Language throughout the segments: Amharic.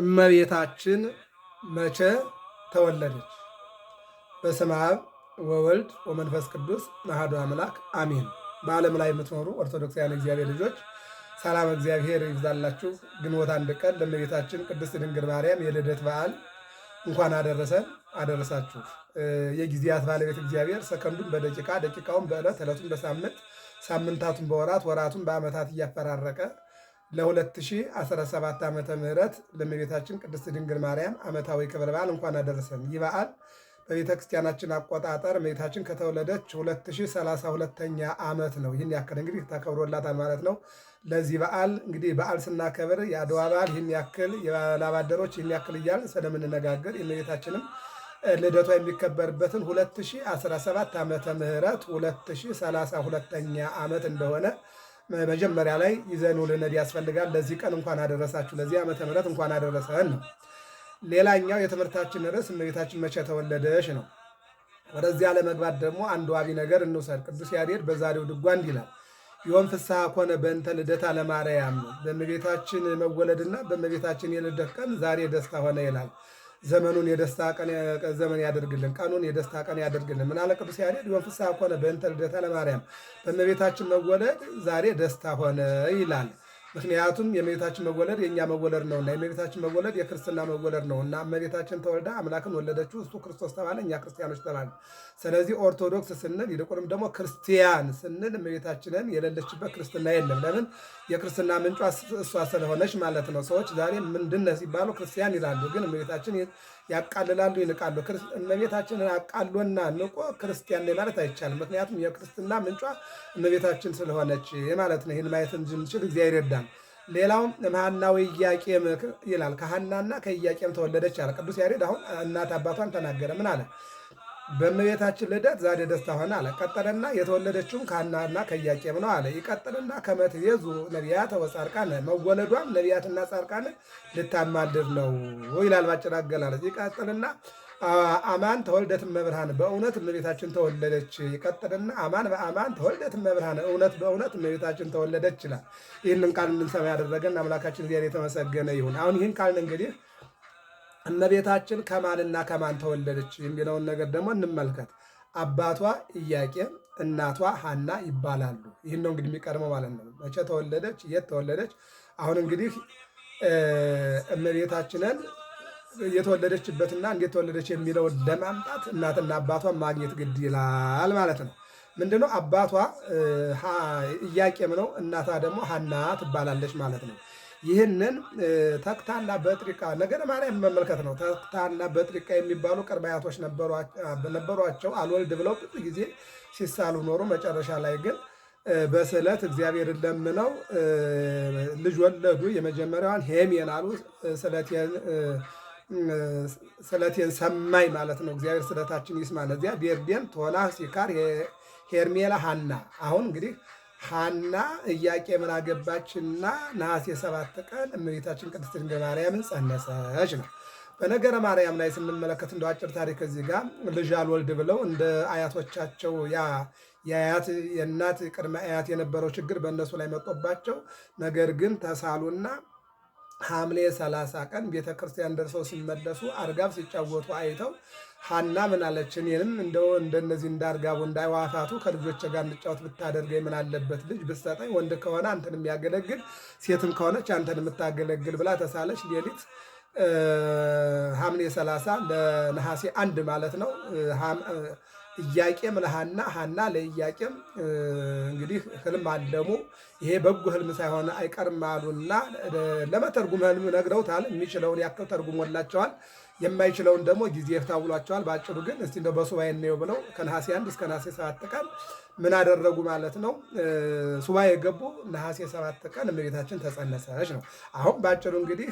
እመቤታችን መቼ ተወለደች? በስመ አብ ወወልድ ወመንፈስ ቅዱስ አሐዱ አምላክ አሜን። በዓለም ላይ የምትኖሩ ኦርቶዶክሳውያን እግዚአብሔር ልጆች ሰላም እግዚአብሔር ይብዛላችሁ። ግንቦት አንድ ቀን ለእመቤታችን ቅድስት ድንግል ማርያም የልደት በዓል እንኳን አደረሰን አደረሳችሁ። የጊዜያት ባለቤት እግዚአብሔር ሰከንዱን በደቂቃ ደቂቃውን በዕለት ዕለቱን በሳምንት ሳምንታቱን በወራት ወራቱን በዓመታት እያፈራረቀ ለ2017 ዓ ም ለእመቤታችን ቅድስት ድንግል ማርያም ዓመታዊ ክብረ በዓል እንኳን አደረሰን። ይህ በዓል በቤተ ክርስቲያናችን አቆጣጠር እመቤታችን ከተወለደች 2032ኛ ዓመት ነው። ይህን ያክል እንግዲህ ተከብሮላታል ማለት ነው። ለዚህ በዓል እንግዲህ በዓል ስናከብር የአድዋ በዓል ይህን ያክል፣ የላባደሮች ይህን ያክል እያልን ስለምንነጋገር የእመቤታችንም ልደቷ የሚከበርበትን 2017 ዓመተ ምህረት 2032ኛ ዓመት እንደሆነ መጀመሪያ ላይ ይዘን ውልነድ ያስፈልጋል። ለዚህ ቀን እንኳን አደረሳችሁ፣ ለዚህ ዓመተ ምሕረት እንኳን አደረሰን ነው። ሌላኛው የትምህርታችን ርዕስ እመቤታችን መቼ ተወለደሽ ነው። ወደዚያ ለመግባት ደግሞ አንድ ዋቢ ነገር እንውሰድ። ቅዱስ ያሬድ በዛሬው ድጓ እንዲህ ይላል ይሆን ፍስሐ ኮነ በእንተ ልደታ ለማርያም በእመቤታችን መወለድና በእመቤታችን የልደት ቀን ዛሬ ደስታ ሆነ ይላል። ዘመኑን የደስታ ቀን ዘመን ያደርግልን፣ ቀኑን የደስታ ቀን ያደርግልን። ምናለ ቅዱስ ያሬድ ወንፍስሐ ኮነ በእንተ ልደታ ለማርያም በእመቤታችን መወለድ ዛሬ ደስታ ሆነ ይላል። ምክንያቱም የእመቤታችን መወለድ የእኛ መወለድ ነውና የእመቤታችን መወለድ የክርስትና መወለድ ነውና እመቤታችን ተወልዳ አምላክን ወለደችው። እሱ ክርስቶስ ተባለ፣ እኛ ክርስቲያኖች ተባለ። ስለዚህ ኦርቶዶክስ ስንል ይልቁንም ደግሞ ክርስቲያን ስንል እመቤታችንን የሌለችበት ክርስትና የለም። ለምን? የክርስትና ምንጯ እሷ ስለሆነች ማለት ነው። ሰዎች ዛሬ ምንድነ ሲባሉ ክርስቲያን ይላሉ፣ ግን እመቤታችን ያቃልላሉ ይልቃሉ። እመቤታችንን አቃሎና ንቆ ክርስቲያን ላይ ማለት አይቻልም። ምክንያቱም የክርስትና ምንጯ እመቤታችን ስለሆነች ማለት ነው። ይህን ማየት እንድንችል እግዚአብሔር ይርዳን። ሌላውም መሐና ወኢያቄም ይላል። ከሀናና ከኢያቄም ተወለደች አለ ቅዱስ ያሬድ። አሁን እናት አባቷን ተናገረ። ምን አለ? በእመቤታችን ልደት ዛሬ ደስታ ሆነ አለ። ቀጠለና የተወለደችውም ከሐናና ከኢያቄም ነው አለ። ይቀጥልና ከመትቤዙ ነቢያተ ወጻድቃነ መወለዷም ነቢያትና ጻድቃን ልታማልድ ነው ይላል ባጭር አገላለጽ። ይቀጥልና አማን ተወልደት መብርሃን በእውነት እመቤታችን ተወለደች። ይቀጥልና አማን በአማን ተወልደት መብርሃን እውነት በእውነት እመቤታችን ተወለደች ይላል። ይህንን ቃል እንድንሰማ ያደረገን አምላካችን ዚያር የተመሰገነ ይሁን። አሁን ይህን ቃልን እንግዲህ እመቤታችን ከማንና ከማን ተወለደች የሚለውን ነገር ደግሞ እንመልከት። አባቷ ኢያቄም እናቷ ሐና ይባላሉ። ይህን ነው እንግዲህ የሚቀድመው ማለት ነው። መቼ ተወለደች? የት ተወለደች? አሁን እንግዲህ እመቤታችንን የተወለደችበትና እንዴት ተወለደች የሚለው ለማምጣት እናትና አባቷ ማግኘት ግድ ይላል ማለት ነው። ምንድነው አባቷ ኢያቄም ነው፣ እናቷ ደግሞ ሐና ትባላለች ማለት ነው። ይህንን ተክታና በጥሪቃ ነገደ ማርያም መመልከት ነው። ተክታና በጥሪቃ የሚባሉ ቅርብ ነበሯቸው። አልወልድ ብለው ብዙ ጊዜ ሲሳሉ ኖሩ። መጨረሻ ላይ ግን በስዕለት እግዚአብሔር ለምነው ልጅ ወለዱ። የመጀመሪያዋን ሄሜን አሉ። ስለቴን ሰማይ ማለት ነው። እግዚአብሔር ስለታችን ይስማ። እዚያ ቤርዴን፣ ቶላ፣ ሲካር፣ ሄርሜላ፣ ሃና ። አሁን እንግዲህ ሐና ኢያቄምን አገባችና ነሐሴ ሰባት ቀን እመቤታችን ቅድስት ድንግል ማርያምን ጸነሰች ነው። በነገረ ማርያም ላይ ስንመለከት እንደ አጭር ታሪክ እዚህ ጋር ልጅ አልወልድ ብለው እንደ አያቶቻቸው ያ የአያት የእናት ቅድመ አያት የነበረው ችግር በእነሱ ላይ መጦባቸው፣ ነገር ግን ተሳሉና ሐምሌ 30 ቀን ቤተክርስቲያን ደርሰው ሲመለሱ አርጋብ ሲጫወቱ አይተው ሀና ምን አለች? እኔንም እንደው እንደነዚህ እንዳርጋቡ እንዳይዋፋቱ ከልጆች ጋር እንጫወት ብታደርገኝ ምን አለበት? ልጅ ብትሰጠኝ ወንድ ከሆነ አንተን የሚያገለግል ሴትም ከሆነች አንተን የምታገለግል ብላ ተሳለች። ሌሊት ሐምሌ 30 ለነሐሴ አንድ ማለት ነው። እያቄም ለሀና ሀና ለእያቄም እንግዲህ ህልም አለሙ። ይሄ በጎ ህልም ሳይሆን አይቀርም አሉና ለመተርጉም ህልም ነግረውታል። የሚችለውን ያክል ተርጉሞላቸዋል። የማይችለውን ደግሞ ጊዜ ታውሏቸዋል። በአጭሩ ግን እስቲ እንደው በሱባኤ እንየው ብለው ከነሐሴ አንድ እስከ ነሐሴ ሰባት ቀን ምን አደረጉ ማለት ነው። ሱባኤ የገቡ ነሐሴ ሰባት ቀን እመቤታችን ተጸነሰች ነው። አሁን በአጭሩ እንግዲህ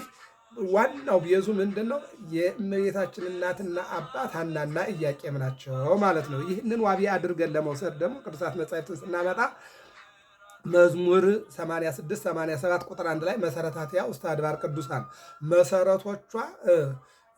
ዋናው ብየዙ ምንድን ነው? የእመቤታችን እናትና አባት ሐናና ኢያቄም ናቸው ማለት ነው። ይህንን ዋቢ አድርገን ለመውሰድ ደግሞ ቅዱሳት መጻሕፍትን ስናመጣ መዝሙር 86 87 ቁጥር አንድ ላይ መሰረታትያ ውስተ አድባር ቅዱሳን መሰረቶቿ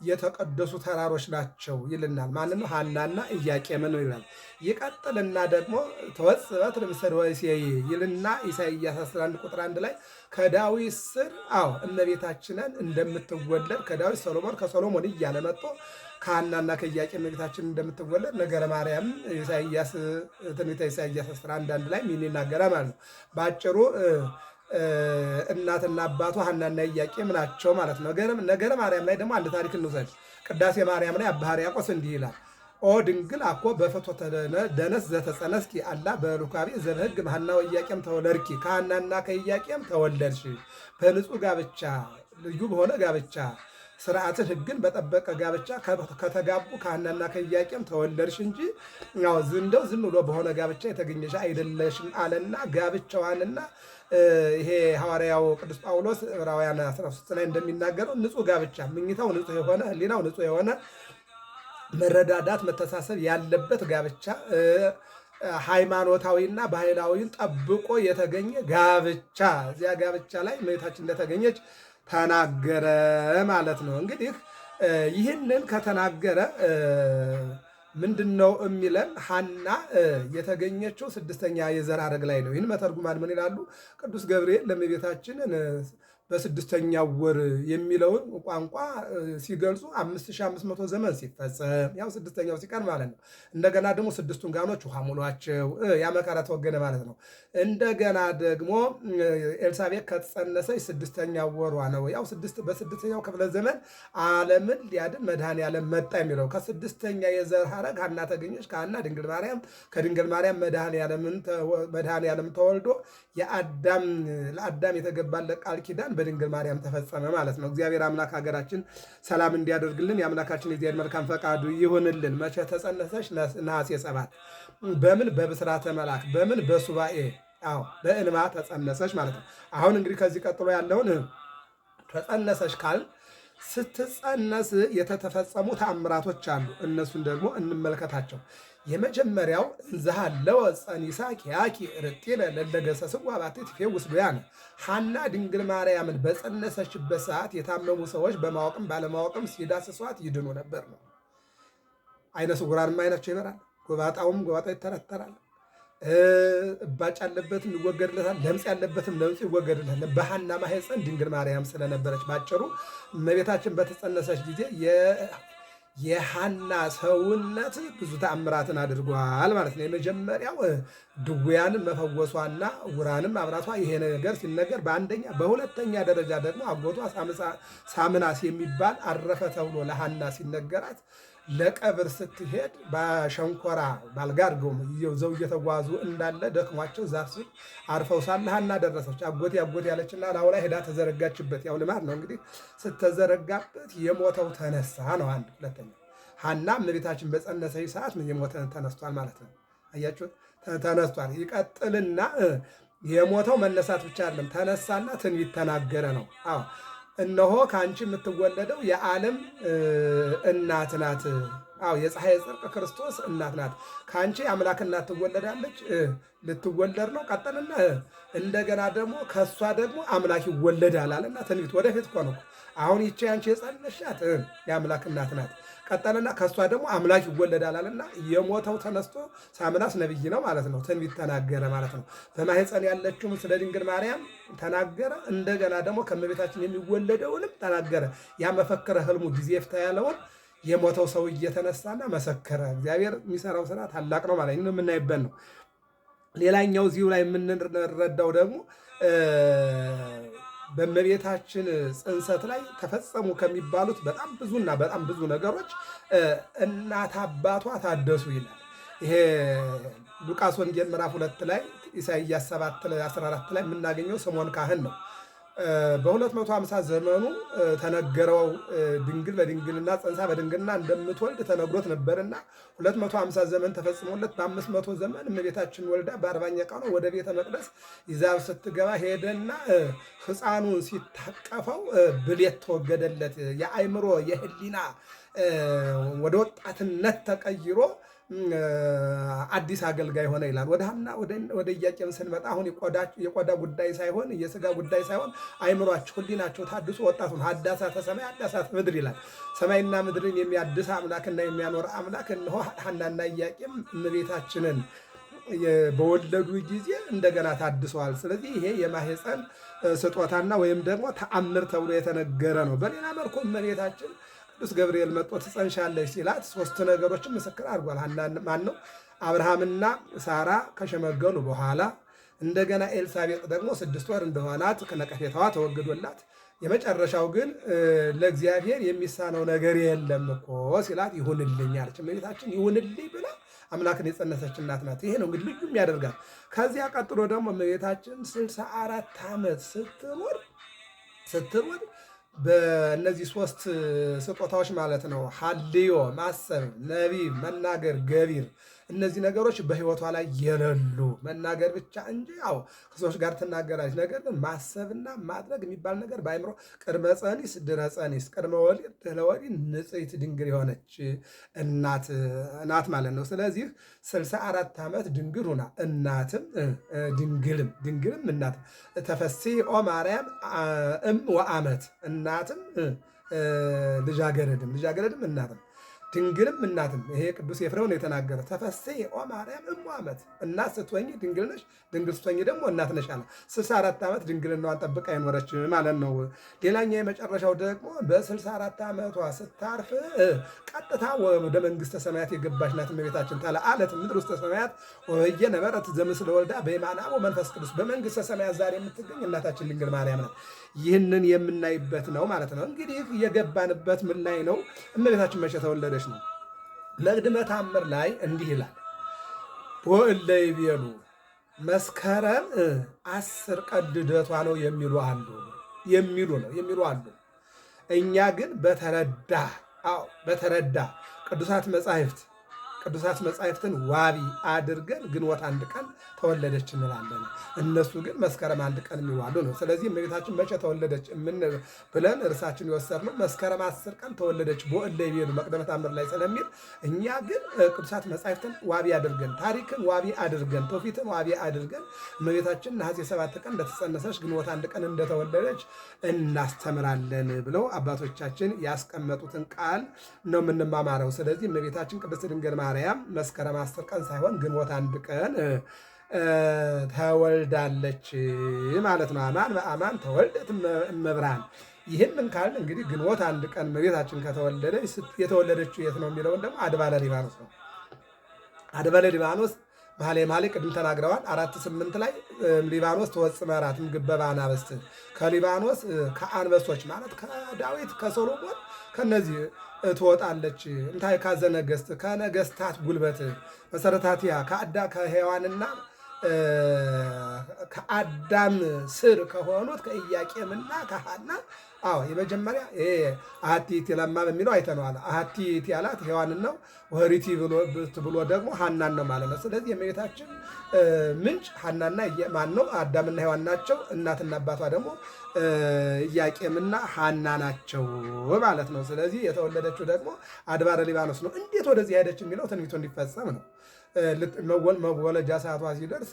የተቀደሱ ተራሮች ናቸው ይልናል። ማንም ሐናና ኢያቄምን ይላል። ይቀጥልና ደግሞ ተወጽበት ለምሳሌ ወእሴይ ይልና ኢሳይያስ 11 ቁጥር 1 ላይ ከዳዊት ስር አዎ እመቤታችንን እንደምትወለድ ከዳዊት ሰሎሞን ከሰሎሞን እያለ መጥቶ ከሐናና ከኢያቄም እመቤታችን እንደምትወለድ ነገረ ማርያም ኢሳይያስ ትንቢተ ኢሳይያስ 11 ላይ ምን ይናገራል ማለት ነው በአጭሩ እናትና አባቱ ሀናና ኢያቄም ናቸው ማለት ነው። ነገረ ማርያም ላይ ደግሞ አንድ ታሪክ እንውሰድ። ቅዳሴ ማርያም ላይ አባ ሕርያቆስ እንዲህ ይላል። ኦ ድንግል አኮ በፍትወተ ደነስ ዘተጸነስኪ አላ በሩካቤ ዘበሕግ ሐና ወኢያቄም ተወለድኪ፣ ከሀናና ከኢያቄም ተወለድሽ። በንጹሕ ጋብቻ፣ ልዩ በሆነ ጋብቻ፣ ስርዓትን ህግን በጠበቀ ጋብቻ ከተጋቡ ከሀናና ከኢያቄም ተወለድሽ እንጂ ያው እንደው ዝም ብሎ በሆነ ጋብቻ የተገኘሽ አይደለሽም አለና ጋብቻዋንና ይሄ ሐዋርያው ቅዱስ ጳውሎስ ዕብራውያን 13 ላይ እንደሚናገረው ንጹሕ ጋብቻ ምኝታው ንጹህ የሆነ ህሊናው ንጹህ የሆነ መረዳዳት፣ መተሳሰብ ያለበት ጋብቻ ሃይማኖታዊና ባህላዊን ጠብቆ የተገኘ ጋብቻ እዚያ ጋብቻ ላይ እመቤታችን እንደተገኘች ተናገረ ማለት ነው። እንግዲህ ይህንን ከተናገረ ምንድን ነው የሚለን? ሐና የተገኘችው ስድስተኛ የዘር ሐረግ ላይ ነው። ይህን መተርጉማን ምን ይላሉ? ቅዱስ ገብርኤል ለእመቤታችን በስድስተኛው ወር የሚለውን ቋንቋ ሲገልጹ 5500 ዘመን ሲፈጸም ያው ስድስተኛው ሲቀር ማለት ነው። እንደገና ደግሞ ስድስቱን ጋኖች ውሃ ሙሏቸው ያ ተወገነ ማለት ነው። እንደገና ደግሞ ኤልሳቤት ከተጸነሰች ስድስተኛው ወሯ ነው። ያው በስድስተኛው ክፍለ ዘመን ዓለምን ሊያድን መድኃኔ መጣ የሚለው ከስድስተኛ የዘር ሐረግ ሐና ተገኘች። ከሐና ድንግል ማርያም፣ ከድንግል ማርያም መድኃኔ ዓለም ተወልዶ የአዳም ለአዳም የተገባለት ቃል ኪዳን በድንግል ማርያም ተፈጸመ ማለት ነው። እግዚአብሔር አምላክ ሀገራችን ሰላም እንዲያደርግልን የአምላካችን የእግዚአብሔር መልካም ፈቃዱ ይሁንልን። መቼ ተጸነሰች? ነሐሴ ሰባት በምን በብስራተ መልአክ በምን በሱባኤ አዎ በእንባ ተጸነሰች ማለት ነው። አሁን እንግዲህ ከዚህ ቀጥሎ ያለውን ተጸነሰች ካል ስትጸነስ የተተፈጸሙ ተአምራቶች አሉ። እነሱን ደግሞ እንመልከታቸው። የመጀመሪያው ይሳቅ ጸኒሳ ኪያኪ ርጢነ ስዋ አባቴ ፌውስ ዱያነ ሐና ድንግል ማርያምን በጸነሰችበት ሰዓት የታመሙ ሰዎች በማወቅም ባለማወቅም ሲዳስሷት ይድኑ ነበር ነው። አይነ ስውራንም አይናቸው ይበራል፣ ጎባጣውም ጎባጣ ይተረተራል፣ እባጭ ያለበትም ይወገድለታል፣ ለምጽ ያለበትም ለምጽ ይወገድለታል። በሐና ማህፀን ድንግል ማርያም ስለነበረች ባጭሩ እመቤታችን በተጸነሰች ጊዜ የሐና ሰውነት ብዙ ተአምራትን አድርጓል ማለት ነው። የመጀመሪያው ድውያንም መፈወሷና ውራንም ማብራቷ ይሄ ነገር ሲነገር በአንደኛ በሁለተኛ ደረጃ ደግሞ አጎቷ ሳምናስ የሚባል አረፈ ተብሎ ለሐና ሲነገራት ለቀብር ስትሄድ በሸንኮራ ባልጋ አድርገው ዘው እየተጓዙ እንዳለ ደክሟቸው ዛፍ ስር አርፈው ሳለ እና ደረሰች። አጎቴ አጎቴ ያለችና ላው ላይ ሄዳ ተዘረጋችበት። ያው ልማድ ነው እንግዲህ። ስተዘረጋበት የሞተው ተነሳ ነው። አንድ ሁለተኛ ሀና እመቤታችን በጸነሰች ሰዓት የሞተ ተነስቷል ማለት ነው። አያችሁት? ተነስቷል። ይቀጥልና የሞተው መነሳት ብቻ አይደለም ተነሳና ትንቢት ተናገረ ነው። አዎ እነሆ ከአንቺ የምትወለደው የዓለም እናት ናት አዎ የፀሐይ ጽድቅ ክርስቶስ እናት ናት። ከአንቺ አምላክ እናት ትወለዳለች፣ ልትወለድ ነው። ቀጠልና እንደገና ደግሞ ከእሷ ደግሞ አምላክ ይወለዳል አለና ትንቢት ወደፊት እኮ ነው። አሁን ይቺ አንቺ የጸነሻት የአምላክ እናት ናት። ቀጠልና ከእሷ ደግሞ አምላክ ይወለዳል አለና የሞተው ተነስቶ ሳምናስ ነቢይ ነው ማለት ነው። ትንቢት ተናገረ ማለት ነው። በማህፀን ያለችውም ስለ ድንግል ማርያም ተናገረ። እንደገና ደግሞ ከእመቤታችን የሚወለደውንም ተናገረ። ያ መፈክረ ህልሙ ጊዜ ፍታ ያለውን የሞተው ሰው እየተነሳና መሰከረ። እግዚአብሔር የሚሰራው ስራ ታላቅ ነው ማለት ነው፣ የምናይበት ነው። ሌላኛው እዚሁ ላይ የምንረዳው ደግሞ በእመቤታችን ጽንሰት ላይ ተፈጸሙ ከሚባሉት በጣም ብዙና በጣም ብዙ ነገሮች እናት አባቷ ታደሱ ይላል። ይሄ ሉቃስ ወንጌል ምዕራፍ ሁለት ላይ ኢሳይያስ 7 14 ላይ የምናገኘው ስምዖን ካህን ነው። በ250 ዘመኑ ተነገረው ድንግል በድንግልና ፀንሳ በድንግልና እንደምትወልድ ተነግሮት ነበርና 250 ዘመን ተፈጽሞለት በ500 ዘመን እመቤታችን ወልዳ በአርባኛ ቀኑ ወደ ቤተ መቅደስ ይዛብ ስትገባ ሄደና ሕፃኑን ሲታቀፈው ብሌት ተወገደለት። የአይምሮ የህሊና ወደ ወጣትነት ተቀይሮ አዲስ አገልጋይ ሆነ ይላል። ወደ ሐና ወደ ኢያቄም ስንመጣ አሁን የቆዳ ጉዳይ ሳይሆን የስጋ ጉዳይ ሳይሆን አይምሯችሁ፣ ሕሊናችሁ ታድሱ ወጣቱ አዳሳተ ሰማይ አዳሳተ ምድር ይላል። ሰማይና ምድርን የሚያድስ አምላክና የሚያኖር አምላክ እንሆ ሐናና ኢያቄም እመቤታችንን በወለዱ ጊዜ እንደገና ታድሰዋል። ስለዚህ ይሄ የማህፀን ስጦታና ወይም ደግሞ ተአምር ተብሎ የተነገረ ነው። በሌላ መልኩ እመቤታችን ቅዱስ ገብርኤል መጥቶ ትጸንሻለች ሲላት ሶስት ነገሮችን ምስክር አድርጓል። ማን ነው? አብርሃምና ሳራ ከሸመገሉ በኋላ እንደገና ኤልሳቤጥ ደግሞ ስድስት ወር እንደሆናት ከነቀፌታዋ ተወግዶላት፣ የመጨረሻው ግን ለእግዚአብሔር የሚሳነው ነገር የለም እኮ ሲላት ይሁንልኝ አለች። እመቤታችን ይሁንልኝ ብላ አምላክን የጸነሰች እናት ናት። ይሄ ነው እንግዲህ ያደርጋል። ከዚያ ቀጥሎ ደግሞ እመቤታችን ስልሳ አራት ዓመት ስትኖር ስትኖር በእነዚህ ሶስት ስጦታዎች ማለት ነው ሀልዮ ማሰብ፣ ነቢብ መናገር፣ ገቢር እነዚህ ነገሮች በህይወቷ ላይ የሌሉ መናገር ብቻ እንጂ ያው ከሰዎች ጋር ትናገራለች። ነገር ግን ማሰብና ማድረግ የሚባል ነገር በአይምሮ ቅድመ ጸኒስ ድረ ጸኒስ፣ ቅድመ ወሊድ ድኅረ ወሊድ ንጽሕት ድንግል የሆነች እናት ናት ማለት ነው። ስለዚህ ስልሳ አራት ዓመት ድንግል ሁና እናትም ድንግልም ድንግልም እናት ተፈሲኦ ማርያም እም ወአመት እናትም ልጃገረድም ልጃገረድም እናትም ድንግልም እናትም ይሄ ቅዱስ ኤፍሬም ነው የተናገረ። ተፈሥሒ ኦ ማርያም እሙ ዓመት እናት ስትወኝ ድንግል ነሽ፣ ድንግል ስትወኝ ደግሞ እናት ነሽ አለ። ስልሳ አራት ዓመት ድንግልናዋን ጠብቃ የኖረች ማለት ነው። ሌላኛው የመጨረሻው ደግሞ በስልሳ አራት ዓመቷ ስታርፍ ቀጥታ ወደ መንግስተ ሰማያት የገባች ናት እመቤታችን። አለት ምድር ውስጥ ሰማያት ወበየ ነበረት ዘምስለ ወልዳ በየማነ መንፈስ ቅዱስ በመንግስተ ሰማያት ዛሬ የምትገኝ እናታችን ድንግል ማርያም ናት። ይህንን የምናይበት ነው ማለት ነው። እንግዲህ የገባንበት ምን ላይ ነው? እመቤታችን መቼ ተወለደች ነው። መቅድመ ታምር ላይ እንዲህ ይላል ወእለ ይቤሉ መስከረም አስር ቀን ልደቷ ነው የሚሉ አሉ የሚሉ ነው የሚሉ አሉ። እኛ ግን በተረዳ አዎ በተረዳ ቅዱሳት መጻሕፍት ቅዱሳት መጻሕፍትን ዋቢ አድርገን ግንቦት አንድ ቀን ተወለደች እንላለን። እነሱ ግን መስከረም አንድ ቀን የሚዋሉ ነው። ስለዚህ እመቤታችን መቼ ተወለደች የምንል ብለን እርሳችን የወሰድነው መስከረም አስር ቀን ተወለደች በእለ ቤሉ መቅደመ ተአምር ላይ ስለሚል እኛ ግን ቅዱሳት መጻሕፍትን ዋቢ አድርገን ታሪክን ዋቢ አድርገን ትውፊትን ዋቢ አድርገን እመቤታችን ነሐሴ ሰባት ቀን እንደተጸነሰች ግንቦት አንድ ቀን እንደተወለደች እናስተምራለን ብለው አባቶቻችን ያስቀመጡትን ቃል ነው የምንማማረው። ስለዚህ እመቤታችን ቅድስት ድንግል ማርያም ማርያም መስከረም አስር ቀን ሳይሆን ግንቦት አንድ ቀን ተወልዳለች ማለት ነው። አማን በአማን ተወልደት እመብርሃን። ይህንን ካልን እንግዲህ ግንቦት አንድ ቀን እመቤታችን ከተወለደች የተወለደችው የት ነው የሚለውን ደግሞ አድባለ ሊባኖስ ነው። አድባለ ሊባኖስ ባህሌ ማሌ ቅድም ተናግረዋል። አራት ስምንት ላይ ሊባኖስ ተወጽመ እራት እምግበ በአናብስት ከሊባኖስ ከአንበሶች ማለት ከዳዊት ከሶሎሞን ከነዚህ ትወጣለች እንታይ ካዘ ነገሥት ከነገሥታት ጉልበት መሰረታትያ ከአዳ ከሔዋንና ከአዳም ስር ከሆኑት ከኢያቄምና ከሐና አዎ የመጀመሪያ አሐቲት ለማ በሚለው አይተነዋል። አሐቲት ያላት ሔዋንን ነው። ወሪቲ ብሎ ደግሞ ሐናን ነው ማለት ነው። ስለዚህ የእመቤታችን ምንጭ ሐናና ማን ነው? አዳምና ሔዋን ናቸው። እናትና አባቷ ደግሞ ኢያቄምና ሐና ናቸው ማለት ነው። ስለዚህ የተወለደችው ደግሞ አድባረ ሊባኖስ ነው። እንዴት ወደዚህ ሄደች የሚለው ትንቢቱ እንዲፈጸም ነው። መወለጃ ሰዓቷ ሲደርስ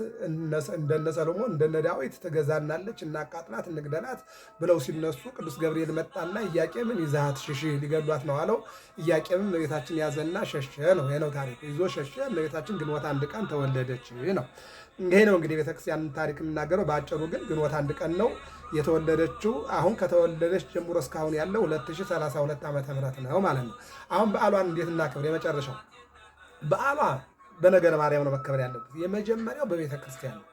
እንደነ ሰሎሞን እንደነ ዳዊት ትገዛናለች፣ እናቃጥላት፣ እንግደላት ብለው ሲነሱ ቅዱስ ገብርኤል መጣና ኢያቄምን ይዛት ሽሽ ሊገሏት ነው አለው። ኢያቄምም እመቤታችን ያዘና ሸሸ ነው ነው ታሪክ ይዞ ሸሸ። እመቤታችን ግንቦት አንድ ቀን ተወለደች ነው። ይሄ ነው እንግዲህ ቤተክርስቲያን ታሪክ የምናገረው በአጭሩ ግን ግንቦት አንድ ቀን ነው የተወለደችው። አሁን ከተወለደች ጀምሮ እስካሁን ያለው 2032 ዓ ም ነው ማለት ነው። አሁን በዓሏን እንዴት እናክብር? የመጨረሻው በዓሏ በነገረ ማርያም ነው መከበር ያለበት። የመጀመሪያው በቤተ ክርስቲያን ነው።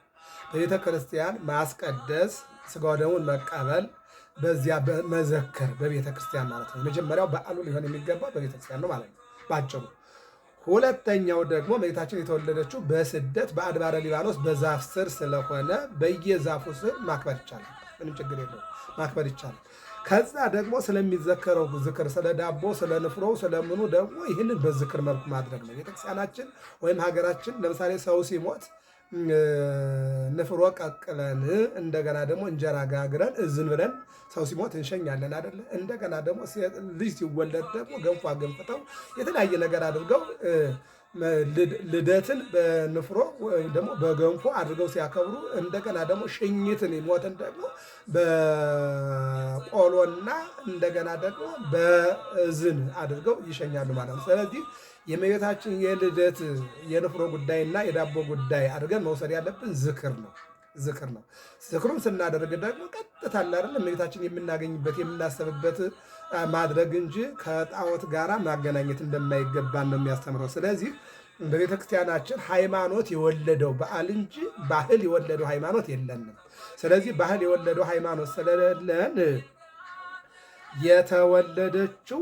በቤተ ክርስቲያን ማስቀደስ፣ ስጋ ደሙን መቀበል፣ በዚያ መዘከር በቤተ ክርስቲያን ማለት ነው። የመጀመሪያው በዓሉ ሊሆን የሚገባ በቤተ ክርስቲያን ነው ማለት ነው ባጭሩ። ሁለተኛው ደግሞ እመቤታችን የተወለደችው በስደት በአድባረ ሊባኖስ በዛፍ ስር ስለሆነ በየዛፉ ስር ማክበር ይቻላል። ምንም ችግር የለው ማክበር ይቻላል። ከዛ ደግሞ ስለሚዘከረው ዝክር ስለ ዳቦ፣ ስለ ንፍሮው፣ ስለምኑ ደግሞ ይህንን በዝክር መልኩ ማድረግ ነው። ቤተክርስቲያናችን ወይም ሀገራችን ለምሳሌ ሰው ሲሞት ንፍሮ ቀቅለን እንደገና ደግሞ እንጀራ ጋግረን እዝን ብለን ሰው ሲሞት እንሸኛለን አደለ? እንደገና ደግሞ ልጅ ሲወለድ ደግሞ ገንፎ ገንፍተው የተለያየ ነገር አድርገው ልደትን በንፍሮ ወይም ደግሞ በገንፎ አድርገው ሲያከብሩ፣ እንደገና ደግሞ ሽኝትን ሞትን ደግሞ በቆሎና እንደገና ደግሞ በእዝን አድርገው ይሸኛሉ ማለት ነው። ስለዚህ የመቤታችን የልደት የንፍሮ ጉዳይና የዳቦ ጉዳይ አድርገን መውሰድ ያለብን ዝክር ነው ዝክር ነው። ዝክሩን ስናደርግ ደግሞ ቀጥታ አላደለ እመቤታችን የምናገኝበት የምናሰብበት ማድረግ እንጂ ከጣዖት ጋራ ማገናኘት እንደማይገባን ነው የሚያስተምረው። ስለዚህ በቤተ ክርስቲያናችን ሃይማኖት የወለደው በዓል እንጂ ባህል የወለደው ሃይማኖት የለንም። ስለዚህ ባህል የወለደው ሃይማኖት ስለሌለን የተወለደችው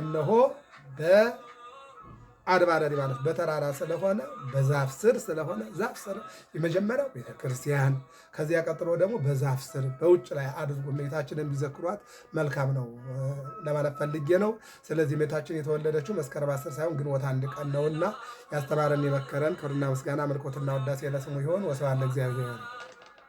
እነሆ በ አድባራሪ ማለት በተራራ ስለሆነ በዛፍ ስር ስለሆነ ዛፍ ስር የመጀመሪያው ቤተክርስቲያን፣ ከዚያ ቀጥሎ ደግሞ በዛፍ ስር በውጭ ላይ አድርጎ እመቤታችንን ቢዘክሯት መልካም ነው ለማለት ፈልጌ ነው። ስለዚህ እመቤታችን የተወለደችው መስከረም አስር ሳይሆን ግንቦት አንድ ቀን ነውና ያስተማረን የመከረን ክብርና ምስጋና መልኮትና ወዳሴ ለስሙ ይሆን። ወስብሐት ለእግዚአብሔር።